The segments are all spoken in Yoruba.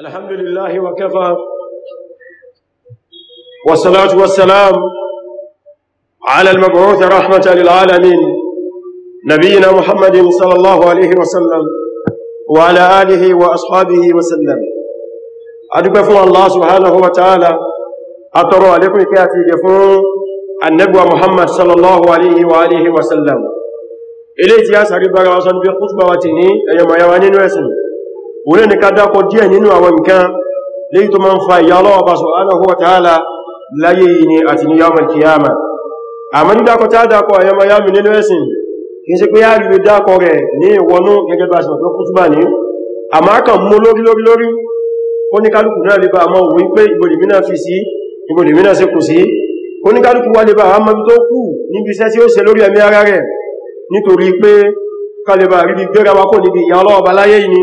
الحمد لله وكفى والصلاة والسلام على المبعوث رحمة للعالمين نبينا محمد صلى الله عليه وسلم وعلى آله وأصحابه وسلم أدبف الله سبحانه وتعالى أطروا لكم كاتي جفون النبوة محمد صلى الله عليه وآله وسلم إليتي أسهر بغاصا بخطبة وتني أيما يوانين ويسلم òun ní ká dákọ díẹ̀ nínú àwọn nǹkan léyìí tó máa ń fa ìyà ọlọ́ọ̀bá subhanahu wa ta'ala láyé ni àti ní yawmal qiyama àmọ́ ní dákọ tá dákọ àyẹmọ yámi nínú ẹ̀sìn kì í ṣe pé yáàrí lè dákọ rẹ̀ ní ìwọnú gẹ́gẹ́ bá ṣùgbọ́n kútùbà ní àmọ́ kàn mú lórí lórí lórí ó ní kálùkù náà lè bá àmọ́ òwú pé ìbòlìmínà fi sí ìbòlìmínà sí kù sí ó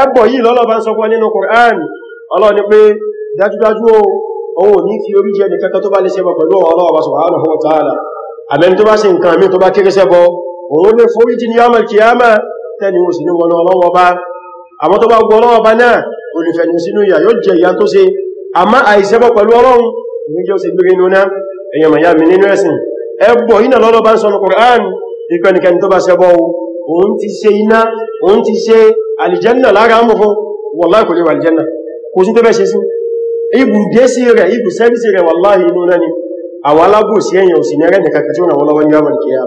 ẹbọ yìí lọ́lọ́bá ń sọpọ̀ nínú Kùránì Allah ní pé dájúdájú ohun ní fi orí jẹ́ nìkankan tó bá lè ṣẹbọ pẹ̀lú Allah subhanahu wa ta'ala àmẹ́ni tó bá ṣe nǹkan mí tó bá kéré ṣẹbọ òun lè forí jì ní yawmal qiyamah tẹ́ni mo sì ní wọn ọlọ́wọ́ bá àmọ́ tó bá gbọ́ ọlọ́wọ́ bá náà olùfẹ̀ni sínú ìyà yóò jẹ ìyà tó ṣe àmá àìṣẹbọ pẹ̀lú Ọlọ́run ní alìjẹ́nà lára mú fún wallahi kò lè wà alìjẹ́nà kò sí tó bẹ́ ṣe sí ibù dẹ́sí rẹ̀ ibù sẹ́bísì rẹ̀ wallahi inú náà ni àwọn alábòsí ẹ̀yàn òsì ní ẹrẹ́nì kàkà tí ó ràn wọ́n lọ́wọ́ ní àwọn ìkẹyà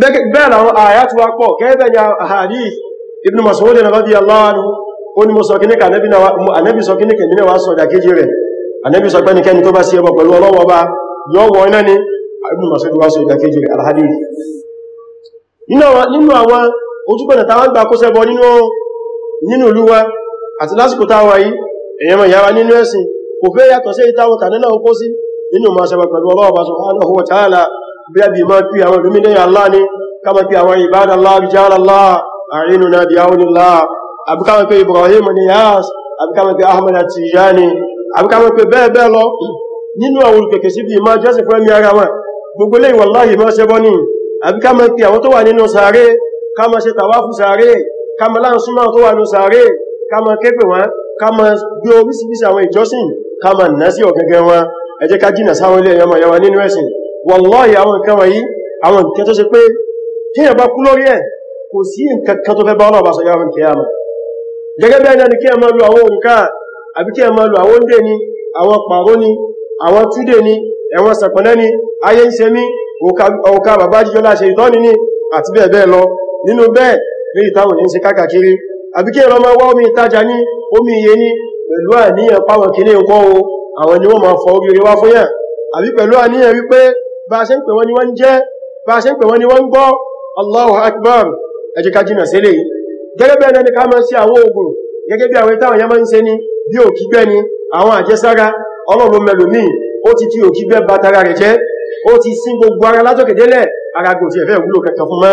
bẹ́ẹ̀ làwọn àyà tí wá pọ̀ kẹ́ẹ̀bẹ̀ ni hadith ibn Mas'ud radiyallahu anhu ó ní mo sọ kíníkà anẹ́bí sọ kíníkà nínú wa sọ ìdàkejì rẹ̀ anẹ́bí sọ pé nìkẹ́ni tó nínú àwọn ojúbọ̀nà tàwọn gbà kó sẹ́bọ̀ nínú olúwa àti lásìkò táwà yìí èyàn mọ̀ yára nínú ẹ̀sìn kò fẹ́ yàtọ̀ sí ìtawọ̀ tànílà okó sí nínú ma sẹ́bọ̀ pẹ̀lú ọlọ́ọ̀bá subhanahu wa ta'ala bí i ma Allah ni Allah rijal Allah a'inuna bi awnillah àbí kama fi Ibrahim Niyas àbí kama fi Ahmad Tijani àbí kama fi bẹ́ẹ̀ bẹ́ẹ̀ lọ nínú àwọn gbogbo lè wàláhì ma sẹ́bọ́ ní àbí kama àwọn tó wà nínú sàárẹ́ ká ma ṣe tàwáfù sàárè ká ma láàsúnmọ́ tó wà ní sàárè ká ma képe wọn ká ma gbé orísìírísìí àwọn ìjọsìn ká ma nà sí ọ̀gẹ́gẹ́ wọn ẹ jẹ́ ká jìnà sáwọn ilé ẹ̀yọmọ̀ yẹwa nínú ẹ̀sìn wallahi àwọn nǹkan wọ̀nyí àwọn nǹkan tó ṣe pé tí yẹn bá kú lórí ẹ̀ kò sí nǹkan kan tó fẹ́ bá ọlọ́bà sọ ni kí ẹ máa lo àwọn òǹkà àbí kí ẹ máa lo ẹ̀wọ̀n sàpẹ̀lẹ́ ayé ń se mí òkà bàbá jíjọ láṣẹ ìtọ́ni ni àti bẹ́ẹ̀ bẹ́ẹ̀ lọ nínú bẹ́ẹ̀ ní ìtawò ní ṣe kákàkiri àbí kí ìrọmọ wá omi ìtajà ní omi iye ní pẹ̀lú àníyàn páwọn kìíní ń kọ́ o àwọn ni wọ́n ma fọ oríire wá fún yàn àbí pẹ̀lú àníyàn wípé bá a ṣe ń pè wọ́n ni wọ́n jẹ́ bá a ṣe ń pè wọ́n ni wọ́n gbọ́ Allahu Akbar ẹ jẹ́ ká ni ká máa ń ti tí bá tara ti sín gbogbo ara ara ẹ̀fẹ́ ìwúlò kẹta fún mọ́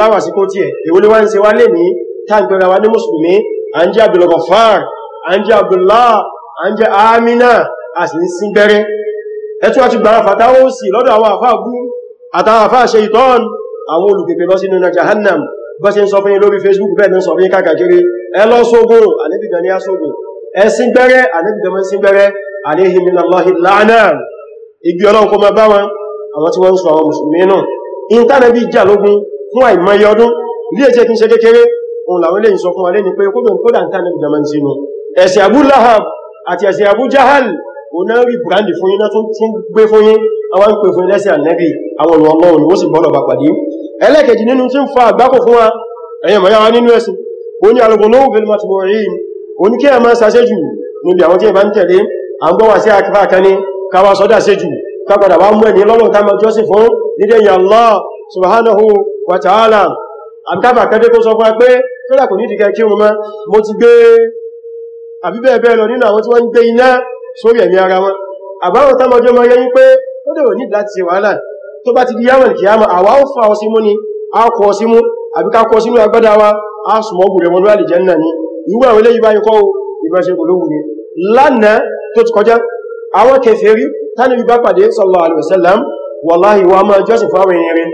láwàsíkó tí ẹ̀ èwo ni wá ń ṣe wá lè ní tágbẹ̀rẹ̀ wa ní mùsùlùmí à ń jẹ́ abdulgafar à ń jẹ́ abdullah à ń jẹ́ amina a sì ń sín gbẹ́rẹ́ ẹtú àti gbàrà fàtàwó sí lọ́dọ̀ àwọn àfáà bú àtàwọn àfáà ṣe ìtọ́n àwọn olùpẹ̀pẹ̀ lọ sínú jahannam bọ́ sí ń sọ fún lórí facebook bẹ́ẹ̀ ń sọ fún kákàkiri ẹ lọ sógún àníbìgbà ní asógún ẹ sín gbẹ́rẹ́ àníbìgbà mọ́ sín gbẹ́rẹ́ alayhim ọlọ́run kó máa bá wọn àwọn tí wọ́n ń sọ àwọn mùsùlùmí náà intanẹ́bí jà lógún fún àìmọye ọdún ilé ẹ̀ṣẹ̀ kí n ṣe kékeré òun làwọn ilé ìsọ fún alẹ́ ni pé kódùn kódà ń tánà ìjọmọ̀ sí inú ẹ̀ṣẹ̀ Abu Lahab àti ẹ̀ṣẹ̀ Abu Jahal onárí brandi fún iná tún gbé fún yín àwọn ń pè fún ẹlẹ́ṣẹ̀ ànẹ́bì àwọn olùwọ̀n lọ́wọ́ ni ó sì bọ́lọ̀ bá pàdé ẹlẹ́kẹ̀ẹ́jì nínú tí ń fa àgbákò fún wa ẹ̀yẹ̀ mọ̀ yáwa nínú ẹ̀sìn ó ní alùgbòlówó belmatiboriin ó wa ta'ala àbíkàfà kẹfẹ́ kó sọ fún wa pé kọ́lá kò ní ìdíkẹ́ kí wọn mọ́ mo ti gbé àbíbẹ̀ẹ̀bẹ̀ lọ nínú àwọn tí wọ́n ń gbé iná sórí ẹ̀mí ara wọn àbáwọn tamọjọ́ mọ́ yẹ́yìn pé ó dẹ̀rọ ní láti wàhálà tó bá ti di yàmàn kìyàmà àwa ó fa ọsímú ni a kọ ọsímú àbí ká kọ sínú agbádá wa a sùmọ́ gùn rẹ̀wọ̀n lórí àlìjẹ́nà ni ìwú àwọn eléyìí báyìí kọ́ ìbẹ̀ṣẹ̀ kò lówù ni lánàá tó ti kọjá àwọn kèfèrí tánàbí bá pàdé sallallahu alaihi wasallam wallahi wa máa jọ́sìn fáwọn ènìyàn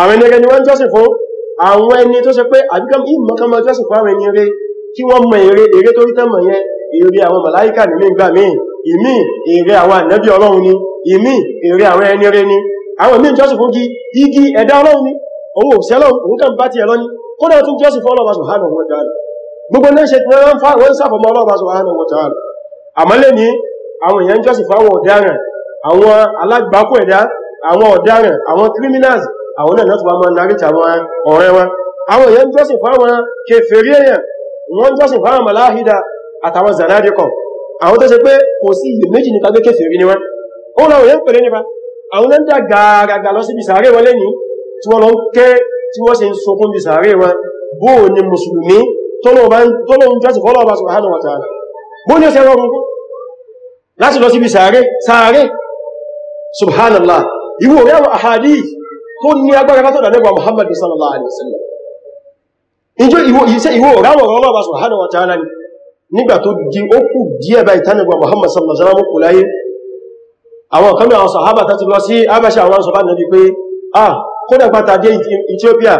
àwọn ẹni rẹ̀ ni wọ́n jọ́sìn fún àwọn ẹni tó ṣe pé àbíkọ́ ìmọ̀kánmọ́ jọ́sìn fún àwọn ẹni rẹ̀ kí wọ́n mọ̀ èrè èrè tó rítẹ̀ mọ̀ yẹn èrè àwọn màláíkà ní nígbà míì ìmí èrè àwọn ànábì ọlọ́run ni ìmí èrè àwọn ẹni rẹ̀ ni àwọn míì jọ́sìn fún igi ẹ̀dá ọlọ́run ni owó òṣèlọ́ òun kàn bá ti ẹ̀lọ́ ni kódà tún jọ́sìn fún ọlọ́run subhanahu wa ta'ala gbogbo náà ṣe tẹ́lẹ̀ ń fa wọ́n sáfọ̀mọ́ ọlọ́run subhanahu wa ta'ala àmọ́lé ní àwọn èèyàn jọ́sìn fáwọn ọ̀daràn àwọn alágbàkú ẹ̀dá àwọn ọ̀daràn àwọn criminals àwọn náà láti wá máa narrate àwọn ọ̀rẹ́ wọn àwọn èèyàn jọ́sìn fáwọn kèfèrí èèyàn wọ́n jọ́sìn fáwọn màláhídà àtàwọn zanadikọ̀ àwọn tó ṣe pé kò sí iye méjì nípa pé kèfèrí ni wọ́n ó láwọn èèyàn pẹ̀lẹ́ nípa àwọn náà ń dà gàràgà lọ síbi sàárè wọn lẹ́yìn tí wọ́n lọ ń ké subhanallah ìwò rẹ̀ àwọn ahadith tó ní agbára látọ̀dà lẹ́gbà Muhammad sallallahu alaihi wasallam ìjọ ìṣẹ́ ìwò ráwọ̀ ọlọ́ bá subhanahu wa ta'ala ni nígbà tó di ó kù díẹ̀ bá Muhammad sallallahu alaihi wasallam kò láyé àwọn kan náà sàhábà tàti lọ sí abáṣà àwọn sọ bá nàbí pé ah kódà pátá dé Ethiopia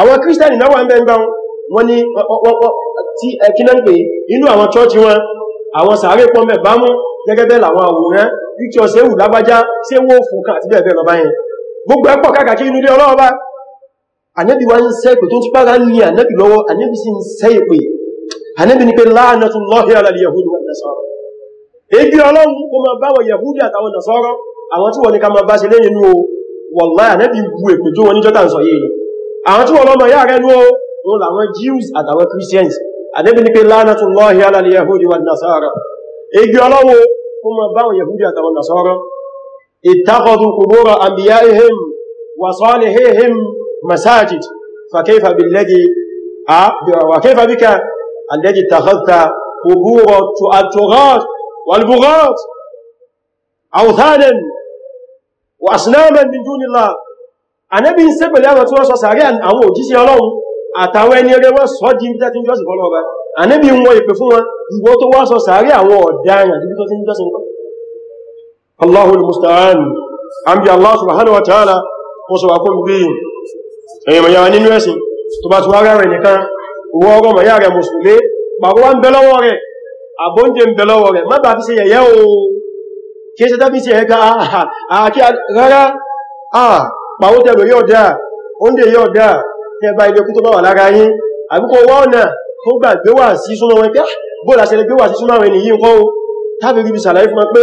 àwọn kírísítàní náà wà ń bẹ́ngbà wọn ni tí ẹkínà ń pè inú àwọn chọ́ọ̀chì wọn àwọn sàárè pọ́mẹ̀ bámú gẹ́gẹ́ bẹ́ẹ̀ làwọn àwòrán píkíọ̀ sẹ́wù lágbájá sẹ́wù òfùnkà àti bẹ́ẹ̀ bẹ́ẹ̀ lọ báyẹn gbogbo ẹ̀pọ̀ káàkiri inú ilé ọlọ́run bá ànábì wá ń sẹ́ ìpè tó ń túpára ní ànábì lọ́wọ́ ànábì sì ń sẹ́ ìpè ànábì ni pé la'natullahi 'ala al-yahudi wa an-nasara ebi ọlọ́run kó máa bá yahudi àtàwọn nasara àwọn tí wọ́n ní ká máa bá ṣe lẹ́yìn inú o wallahi ànábì wu èpè tó wọn ní jews àtàwọn christians ànábì ni pé la'natullahi 'ala al-yahudi wa an-nasara ebi ọlọ́run yahudi àtàwọn nasara اتخذوا قبور أنبيائهم وصالحيهم مساجد فكيف بالذي وكيف بك الذي اتخذت قبور التغاة والبغاة أوثانا وأصناما من دون الله Ànábì ń ṣépè láwọn tí wọ́n sọ sàárẹ́ àwọn òjíṣẹ́ Ọlọ́run àtàwọn ẹni rẹ̀ wọ́n sọ jí tẹ́ tí ń jọ́sìn fọ́lọ́ọ̀bá Ànábì ń wọ ìpè fún wọn ìwọ tó wá sọ sàárẹ́ àwọn ọ̀daràn àdúgbò tó ti Allahul Musta'an an bí Allah subhanahu wa ta'ala kó sọ àkó bí èèmọ̀ yàwà nínú ẹ̀sìn tó bá tuwárá rẹ̀ nìkan owó ọgọ́ mọ̀ yà rẹ̀ mùsùlé pàrọwà ń bẹ̀lọ́wọ́ rẹ̀ àbóúnjẹ ń bẹ̀lọ́wọ́ rẹ̀ má bá fi ṣe yẹ̀yẹ́ o kí é ṣe tábí ṣe ẹ̀ka àkí rárá àà pàwó tẹ̀lọ yóò dáa oúnjẹ yóò dáa tẹ bá ilé kútó bá wà lára yín àbíkọ wọ́n náà tó gbà gbé wà sí súnmọ́ wọn pé ah, bóòlà ṣẹlẹ̀ gbé wà sí súnmọ́ wọn ènìyàn kọ́ tàbí ríbi sàlàyé fún wọn pé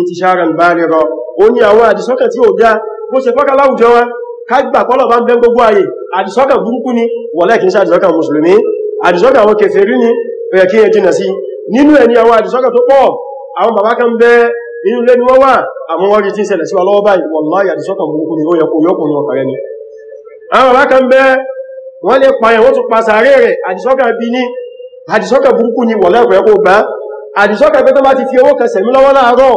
intisharan baligha ó ní àwọn àdìsọ́kàn tí ó dá bó ṣe fọ́ká láwùjọ wa kágbà pọ́lọ̀ bá ń bẹ gbogbo ayé àdìsọ́kàn burúkú ni wọ́lẹ̀ kìí ṣe àdìsọ́kàn mùsùlùmí àdìsọ́kàn àwọn kèfèrí ni ó yẹ kí ẹ jìnà sí nínú ẹni àwọn ni wọ́n wà ni ó yẹ kó yọkùn ní ọkàrẹ ni àwọn bàbá kan bẹ wọ́n lè pààyàn wọ́n tún pa sàárè rẹ̀ àdìsọ́kàn bí ní àdìsọ́kàn burúkú ni wallahi kò yẹ kó gbá àdìsọ́kàn pé tó bá ti fi owó kẹsẹ̀mí lọ́wọ́ láàárọ̀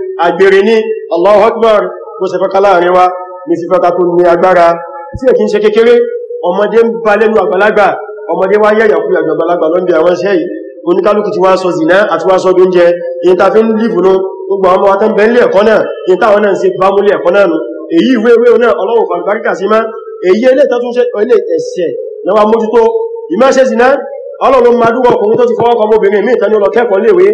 àgbèrè ní Allahu Akbar bó ṣe fẹ́ká láàrin wa ní sí fẹ́ká tó ní agbára tí ẹ̀kí ń ṣe kékeré ọmọdé ń bá lẹ́nu àgbàlagbà ọmọdé wá yẹ̀yà fún àgbàlagbà lọ́nbẹ̀ àwọn iṣẹ́ yìí oníkálùkù ti wá sọ zìná àti wá sọ dóúnjẹ èyí ta fi ń lìfù nú gbogbo àwọn ọmọ tán bẹ̀ẹ́lẹ̀ ẹ̀kọ́ náà èyí táwọn náà ń ṣe bá múlẹ̀ ẹ̀kọ́ náà nù èyí ìwé ìwé náà ọlọ́wọ̀ fàlùbáríkà sí má èyí ẹlẹ́ tó tún ṣe ọlẹ́ ẹ̀ṣẹ̀ lọ́wọ́ mójútó ìmáṣẹ́ zìná ọlọ́run madúwọ̀ ọkùnrin tó ti fọwọ́kọ mọ́bìnrin mí ìtàní ọlọ́kẹ́kọ̀ọ́ léwé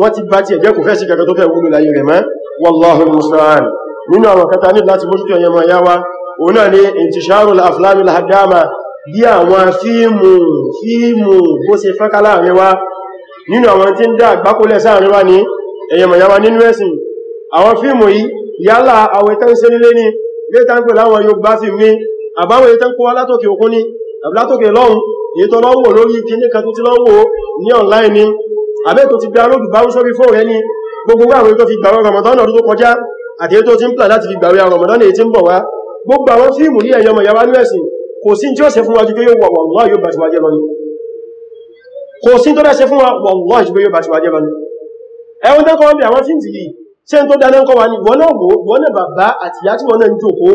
wọ́n ti bá ti ẹ̀jẹ́ kò fẹ́ sí kẹkẹ tó fẹ́ wúlò láyé rẹ̀ mọ́ wallahu musta'an nínú àwọn kẹta ní láti mọ́sí ọ̀yẹ́ ma yáwa òun náà ni intisharul aflamil hadama bí àwọn fíìmù fíìmù bó ṣe fẹ́ká láàrin wa nínú àwọn tí ń dá àgbákólẹ̀ sáàrin wa ní ẹ̀yẹ̀ mọ̀yáwa nínú ẹ̀sìn àwọn fíìmù yìí yálà àwọn ìtàn ṣe nílé àbẹ́ tó ti download bá wúṣọ́ before rẹ ní gbogbo àwọn ètò fi gbàwẹ̀ Ramadan ọdún tó kọjá àti ètò tí ń pìlà láti fi gbàwẹ̀ Ramadan èyí tí ń bọ̀ wá gbogbo àwọn fíìmù ní ẹ̀yọmọ̀ yàwá ní ẹ̀sìn kò sí tí ó ṣe fún wa jù pé yóò wà yóò bá ti wájẹ́ lọ ní kò sí tó dáṣe fún wa wà jù pé yóò bá ti wájẹ́ lọ ní ẹwọ́n tó kọ́ bí àwọn fíìmù yìí ṣe tó dáná kọ́ wa ní wọ́n náà wò wọ́n náà bàbá àti ìyá tí wọ́n náà ń jòkó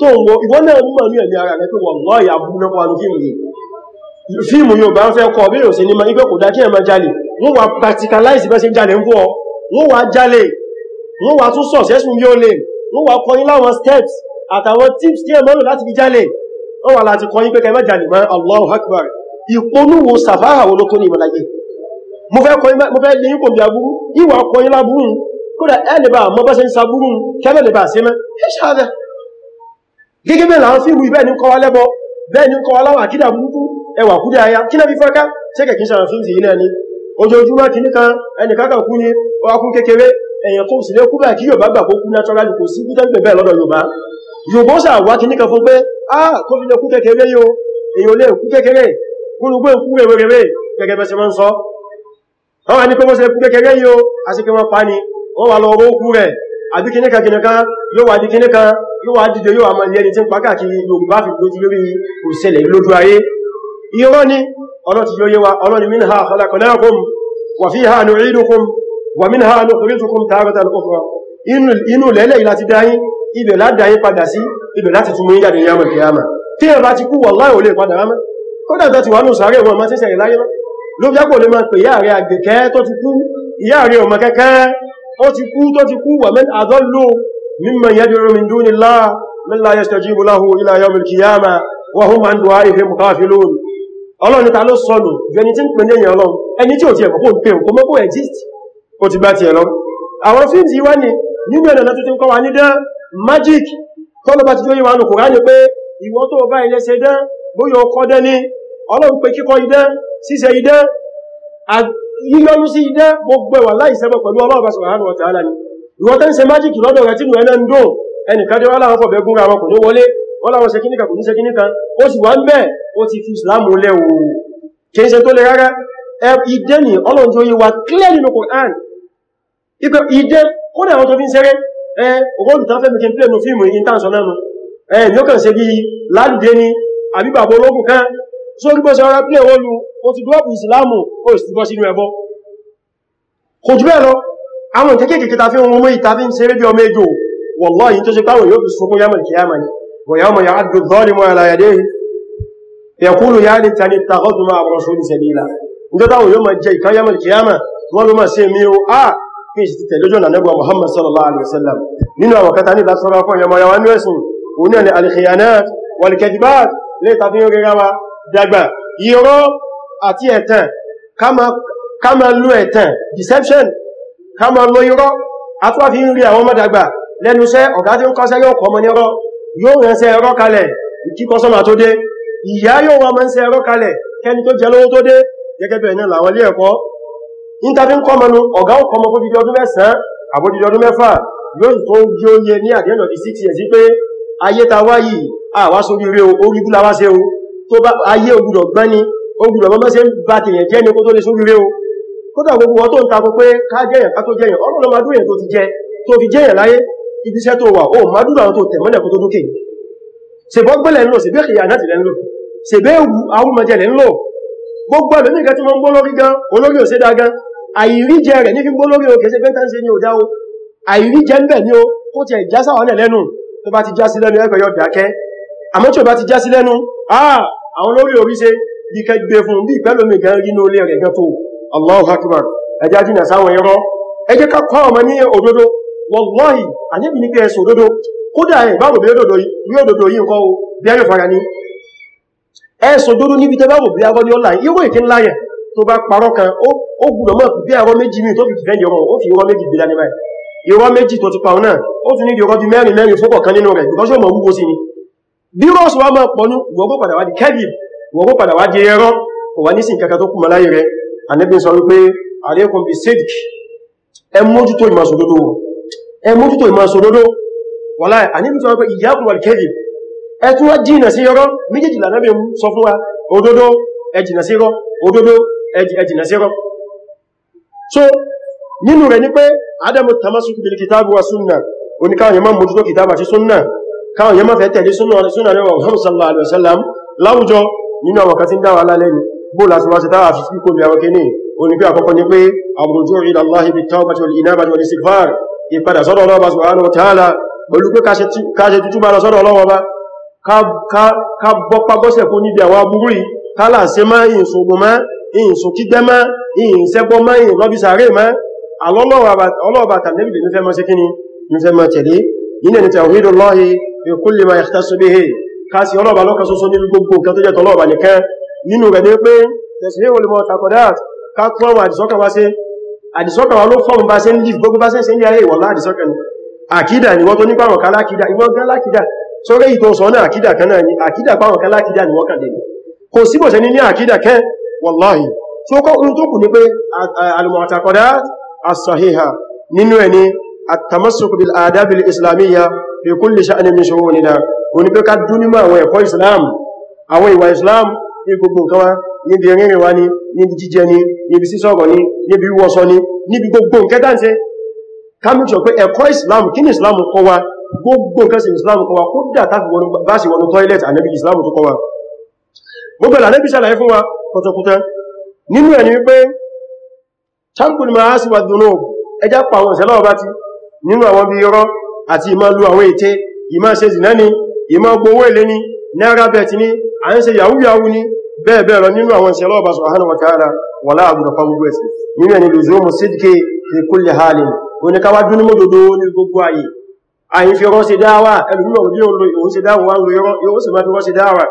tó ń wo ìwọ́n náà mú mọ̀ ní ẹ̀mí ara rẹ̀ pé wà lọ́ọ̀yà bú náà wà ní fíìmù yìí fíìmù yóò bá ń fẹ́ kọ bí òsì ní ma ipẹ́ kò dákí ẹ̀mà jalè wọ́n wà practicalize bẹ́ sí jalè ń fún ọ wọ́n wà jalè wọ́n wà tún successful yóò lè wọ́n wà kọyín láwọn steps àtàwọn tips tí ẹ̀mọ́ lò láti fi jalè wọ́n wà láti kọyín pé kẹmẹ́ jalè mọ́ Allahu Akbar ìponúwo sàfáhà wo ló tó ní ìmọ̀láyé mo fẹ́ lẹ́yìn kò bí aburú ìwà kọyín láburú kódà ẹ lè bá mọ́ bá ṣe ń saburú kẹ́lẹ̀ lè bá sí mẹ́ gẹ́gẹ́ bẹ́ẹ̀ láwọn fíìmù ibẹ̀ ní kọwa lẹ́bọ bẹ́ẹ̀ ní kọwa láwọn àkídà burúkú ẹwà kúdẹ̀ aya kí náà bí fọ́ká tí kẹ̀kí sàrán fíìmù yìí náà ni ojoojúmọ́ kì níkan ẹnìkákan kú ní ọkún kékeré èyàn tó sì lé kú báyìí kí Yorùbá gbà kó kú naturally kò sí kúta gbẹ̀bẹ̀ lọ́dọ̀ Yorùbá ah kó fi lè kú kékeré yóò èyàn lè kú kékeré gbólúgbó kú rẹ̀rẹ̀rẹ̀ gẹ́gẹ́ bẹ́ sí wọ́n sọ wọ́n wá ní pé wọ́n sẹ kú kékeré yóò àsìkè wọn pa ni wọ́n wà lọ ọwọ́ kú rẹ̀ àbí kíníkan kíníkan yóò wá di kíníkan yóò wá dìde yóò àmọ́ tí ń pa káàkiri Yorùbá fi gbójú lórí kò lójú ayé irọ́ ni ọlọ́ti yóò yẹwa ọlọ́ni minha khalaqnakum wa fiha nu'idukum wa minha nukhrijukum taratan ukhra inú lẹ́lẹ̀ ìlàti dáyín ibẹ̀ ládáyín padà sí ibẹ̀ láti tún mú jáde ní àmà kìyàmà tí ẹ̀rọ ti kú wallahi ò lè padà rámá kódà tó ti wà ní sàárẹ̀ wọn ma ti sẹ̀rẹ̀ láyé má ló bí ápò lè máa pè yáàrẹ àgbẹ̀kẹ́ tó ti kú yáàrẹ ọmọ kẹ́kẹ́ ó wa hum an du'a'ihim ghafilun ọlọ́run ta ló sọnù ju ẹni tí ń pè ní èyàn ọlọ́run ẹni tí ò ti ẹ̀kọ́ kó ń pè ń kó mọ́ kó exist ó ti gbá ti ẹ̀lọ́ àwọn fíìmù yìí wá ní nínú ẹ̀nà tó ti ń kọ́ wa ní dán magic tọ́lọ́bá ti lóyìn wa nù Kùránì pé ìwọ tó bá ilẹ̀ ṣe dán bóyọ ọkọ́ dán ní ọlọ́run pé kíkọ́ idán ṣíṣe idán yíyọnú sí idán gbogbo ẹ̀wà láìsẹ́bọ̀ pẹ̀lú ọlọ́run subhanahu wa ta'ala ni ìwọ tẹ́ ń ṣe magic lọ́dọ̀ rẹ̀ tínú ẹ̀nà ń dùn ẹnìkan dé wá láwọn fọ̀bẹ̀gún ra wọn kò ní wọlé wọ́n láwọn ṣe kíníkà kò ní ṣe kíníkà ó sì wà ń bẹ́ẹ̀ ó ti fi Islam lẹ́ o kìí ṣe tó lè rárá ìdẹ́ ni Ọlọ́run tó yí wa clear nínú Qur'an ipẹ́ ìdẹ́ kódà àwọn tó fi ń ṣeré ọgọ́dù tán fẹ́mì kí n pè ní fíìmù yìí tàn sọ náà ní ó kàn ṣe bí ládìdé ni àbí bàbá ológun kan só rí bọ́sẹ̀ ọ̀rá pílẹ̀ wọ́lu o ti dúwọ́pù ìsìláàmù o sì bọ́ sínú ẹbọ kò jù bẹ́ẹ̀ lọ àwọn kékèké ta fi ń mú ìta fi ń ṣeré bí ọmọ ejò wallahi tó ṣe páwọn yóò fi sunkún yámà kìyàmà ni ويوم يعد الظالم على يديه يقول يا ليتني اتخذت مع الرسول سبيلا ǹjọ́ táwọn yóò máa jẹ ìkan yàmà ìkìyàmà wọ́n ló máa ṣe mí o a fi ṣe ti tẹ̀lójọ́ na nẹ́gbà Muhammad sallallahu alaihi wasallam nínú àwọn kẹta ní lásọ́rọ̀ fún yamọ yawa ní ẹ̀sìn òní àni al-khiyanat wal-kadhibat lè tàbí orí rawa dàgbà irọ́ àti ẹ̀tàn ká máa lo ẹ̀tàn deception ká máa lo irọ́ àtúwà fi ń rí àwọn ọmọ dàgbà lẹ́nu iṣẹ́ ọ̀gá tí ń kọ́ṣẹ́ yóò kọ́ mọ́ ní ọ̀rọ̀ yóò rẹsẹ ẹ̀rọ kalẹ̀ kí kọ́sọ́mà tó dé ìyá yóò wà máa ń ṣe ẹ̀rọ kalẹ̀ kẹni tó jẹ lówó tó dé gẹ́gẹ́ bẹ̀rẹ̀ náà làwọn ilé ẹ̀kọ́ interview kọmọnu ọ̀gá ọkọmọ fún dídí ọdún mẹ́sàn-án àbódídí ọdún mẹ́fà yóò tó jí oye ní àdínà di 6 years pé ayé ta wá yìí àwá sórí rẹ̀ orí búlá wá sí o tó bá ayé ògùdọ̀ gbẹ́ni ògùdọ̀ mọ́mọ́ sí bá tèèyàn jẹ́ ní kó tó lè sórí rẹ̀ o kódà gbogbo wọn tó ń takò pé ká jẹ́yàn láyé ibiṣẹ́ tó wà ó má dúró àwọn tó tẹ̀mọ́lẹ̀ kó tó dókè ṣe bọ́ gbẹ́lẹ̀ ń lò ṣe bẹ́ kìyà náà ti lẹ́ ń lò ṣe bẹ́ ewu ahúmọ̀jẹ̀ lẹ́ ń lò gbogbo ẹ̀lú nìkan tí wọ́n ń bó lórí gan olórí ò ṣe dá gan àìríjẹ rẹ̀ ní fi bó lórí òkè ṣe bẹ́ntà ń ṣe ní òdá o àìríjẹ ń bẹ̀ ní o kó ti ẹ̀já sáwọn lẹ́nu tó bá ti já sí lẹ́nu ẹgbẹ̀ yọ dákẹ́ àmọ́ tí ó bá ti já sí lẹ́nu àwọn olórí orí ṣe bí kẹgbẹ́ fún bí ìpẹ́lómi gan rí ní olé rẹ̀ gan tó Allahu Akbar ẹjá jìnà sáwọn ẹ̀rọ ẹjẹ́ ká kọ́ ọmọ ní òdodo wallahi àníbì ní pé ẹ̀sùn òdodo kódà ẹ̀ báwò bí òdodo yìí nǹkan bí ayò fara ní ẹ̀sùn òdodo níbi tẹ́ báwò bí agọ́dí ọlá ìwé ìkí ńlá yẹn tó bá parọ́ kan ó gbùdọ̀ mọ́ bí ẹ̀rọ méjì mi tó fi fẹ́ ìrọ̀ ó fi ìrọ̀ méjì gbìdá ní báyìí ìrọ̀ méjì tó ti pa náà ó fi ní ìrọ̀ bí mẹ́rin mẹ́rin fókọ̀ ni bí rọ́ọ̀sù wa mọ́ pọ̀nú wọ́gó padà wá di kẹ́gì wọ́gó padà wá di ẹ̀rọ kò wá ní sí nǹkan tó kúmọ̀ láyé rẹ̀ Ànábì sọ wípé alaykum ẹ mójútó ìmọ̀ sòdodo wọ́lá àníbi sọ pé ìyákùn wal kadhib ẹ tún wá jìnà sí irọ́ méjèèjì lànàbí sọ fún wa òdodo ẹ jìnà sí irọ́ òdodo ẹ jìnà sí irọ́ so nínú rẹ̀ ní pé adamu tamasuku bil kitabu wa sunna oníkáwọn yẹmọ́ mójútó kitabu àti sunna káwọn yẹmọ́ fẹ́ tẹ̀lé sunna rẹ̀ wọ́n sallallahu alaihi wasallam láwùjọ nínú àwọn kan tí ń dáwà alálẹ́ni bó láti wá ṣe táwà fi sí kò bí àwọn kìíní onígbé àkọ́kọ́ ní pé àwùjọ ila Allahi bit tawbati wal inabati wal istighfar ìpadà sọ́dọ̀ ọlọ́ọ̀bá subhanahu wa ta'ala pẹ̀lú pé káṣe tútù bá lọ sọ́dọ̀ ọlọ́ọ̀bá ká bọ́pá bọ́sẹ̀ fún níbi àwọn aburú yìí kálà sí má ìsògùn má ìsò kígbẹ́ má ìsẹ́gbọ́ má ìrọ́bísàárè má ọlọ́ọ̀bá tàbí ní fẹ́ mọ́ sí kíni ní fẹ́ mọ́ tẹ̀lé yìí ni tawhidullahi bi kulli ma yahtassu bihi káàsì ọlọ́ọ̀bá lọ́kan ṣoṣo nínú gbogbo nǹkan tó jẹ́ tọ́lọ́ọ̀bá nìkan nínú rẹ̀ ní pé àdìsọ́kàn wọn ló fọ́n bá ṣe ń lif gbogbo bá ṣe ń ṣe ń yáyé ìwọ̀n láàdìsọ́kàn ni àkídà ni wọ́n tó nípa àwọn kalákídà ìwọ̀n gan lákídà sọ́rẹ́ ìtò sọ náà àkídà kan náà ni àkídà pàwọn kalákídà ni wọ́n kàdé kò síbò ṣe ní ní àkídà kẹ́ wallahi tó kọ́ ohun tó kù ní pé al-mu'taqadat as-sahiha nínú níbi rírìn wá ní níbi jíjẹ ní níbi sísọ̀rọ̀ ní níbi wọ́sọ ní níbi gbogbo nǹkan tá ń ṣe kámíṣọ̀ pé ẹ̀kọ́ islam kí ni islam kọ́ wa gbogbo nǹkan sí islam kọ́ wa kó dà tàbí bá sì wọnú toilet ànábì islam tó kọ́ wa gbogbo ànábì sàlàyé fún wa kọtọkútẹ nínú ẹni wípé champul ma sì wà dùnú ẹjá pa àwọn ìṣẹ́lọ́ ọba ti nínú àwọn bí irọ́ àti ìmá lu àwọn ète ìmá ṣe zìnà ni ìmá gbowó èlé ni náírà bẹ̀tì ni à ń ṣe yahoo ni bẹ́ẹ̀ bẹ́ẹ̀ lọ nínú àwọn ìṣẹ́lọ́ ọba subhanahu wa ta'ala wà láàbùdà fagogbo ẹ̀sìn nínú ẹni luzumu sidqi fi kulli halin oníkáwá dúnú mọ́dòdó ní gbogbo ayé àyín fi rọ́sí dáwà ẹlùmí ọ̀rọ̀ yóò lo ìwọ́n sí dáwà wà yóò sì máa fi rọ́sí dáwà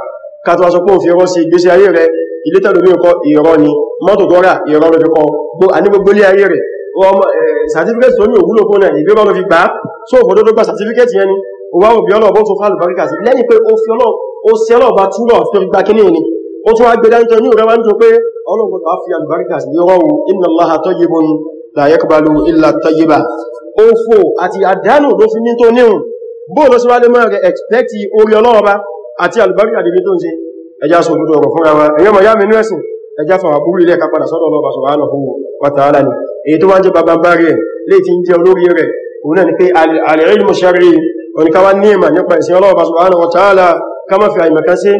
kàtọ̀ àṣọ pọ̀ fi rọ́sí ìgbésí ayé rẹ̀ ilé tẹ́lùmí ọkọ̀ ìrọ́ ni mọ́tò tọ́rà ìrọ́ lọ́fi kọ́ gbó anígbógbó lé ayé rẹ̀ sàtífíkẹ́tì tó ní òwúlò fún náà ìgbé rọ́ lọ́fi gbá só òfò tó gbá sàtífíkẹ́tì yẹn ni òwá òbí ọlọ́ọ̀bọ́ tó fà lùbáríkà sí lẹ́yìn pé ó fi ọlọ́ọ̀ ó sí ọlọ́ọ̀bá túlọ̀ fi gbá kíní ni ó tún wá gbẹ̀dá ìjọ ní ìrọwà ń tó pé ọlọ́run tó fi àlùbáríkà sí rọ́wù inna Allaha tayyibun la yaqbalu illa tayyiba ó fò àti àdánù ló fi ní tó níhùn bóò ló síwá lè máa rẹ̀ ẹ̀kpẹ́kì orí ọlọ́ọba àti àlùbáríkà dìbí tó ń ṣe ẹjá sọ òdúdó ọ̀rọ̀ fúnra wa ẹ̀yọ́ mọ̀ yá mi nẹ́sìn ẹjá fà àbúrú ilẹ̀ kápadà sọ́dọ̀ ọlọ́ọba subhanahu wa ta'ala ni èyí tó wá fi àìmọ̀kan sí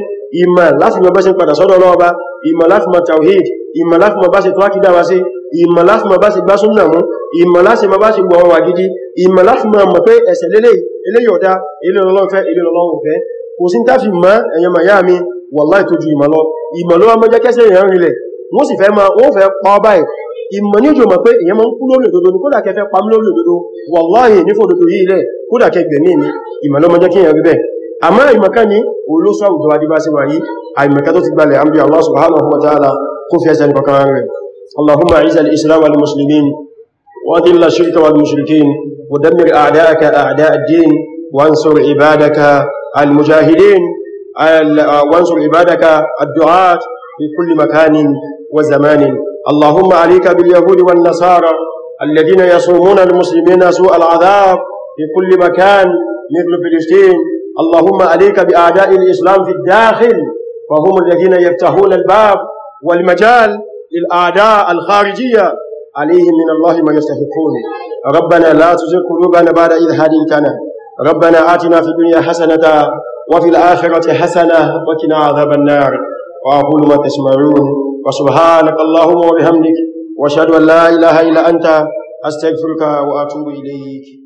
ìmọ̀ láti mọ̀ bẹ́ṣe padà sọ́dọ̀ ọlọ́ọba ìmọ̀ láti mọ̀ tawhid ìmọ̀ láti mọ̀ bá ṣe tọ́kídà wá sí ìmọ̀ láti mọ̀ bá ṣe gbá súnnà mú ìmọ̀ láti mọ̀ bá ṣe gbọ́ wà gidi ìmọ̀ láti mọ̀ mọ̀ pé ẹ̀ṣẹ̀ lélẹ̀ eléyọ̀dá ilé Ọlọ́run fẹ́ ilé Ọlọ́run fẹ́ kò sí tá fi mọ̀ ẹ̀yẹ màyá mi wàláì tó ju ìmọ̀ lọ ìmọ̀ ló wá mọ́ jẹ́ kẹ́sẹ̀ èèyàn rinlẹ̀ wọ́n sì ma wọ́n fẹ́ pa ọ báyìí ìmọ̀ ní ìjọ mọ̀ pé èèyàn mọ́ ń kú lórí òdodo ní kódà kẹfẹ́ pa mí àmá ìmọ̀ká ní olóṣọ́ àwùjọ adébá sí wáyé àìmọ̀ká tó ti gbalẹ̀ àmì Allah subhanahu wa ta'ala kó fi ẹsẹ̀ nìkan rẹ̀ Allahumma aiza al-islam wal muslimin wa dilla shirka wal mushrikin wa dammir a'da'aka a'da' ad-din wa ansur ibadaka al-mujahidin wa ansur ibadaka ad-du'at fi kulli makanin wa zamanin Allahumma alayka bil yahudi wan nasara alladhina yasumuna al-muslimina su'a al-'adhab fi kulli makan مثل فلسطين اللهم عليك بأعداء الإسلام في الداخل فهم الذين يفتحون الباب والمجال للأعداء الخارجية عليهم من الله ما يستحقون ربنا لا تزغ قلوبنا بعد إذ هديتنا ربنا آتنا في الدنيا حسنة وفي الآخرة حسنة وقنا عذاب النار وأقول ما تسمعون وسبحانك اللهم وبحمدك وأشهد أن لا إله إلا أنت أستغفرك وأتوب إليك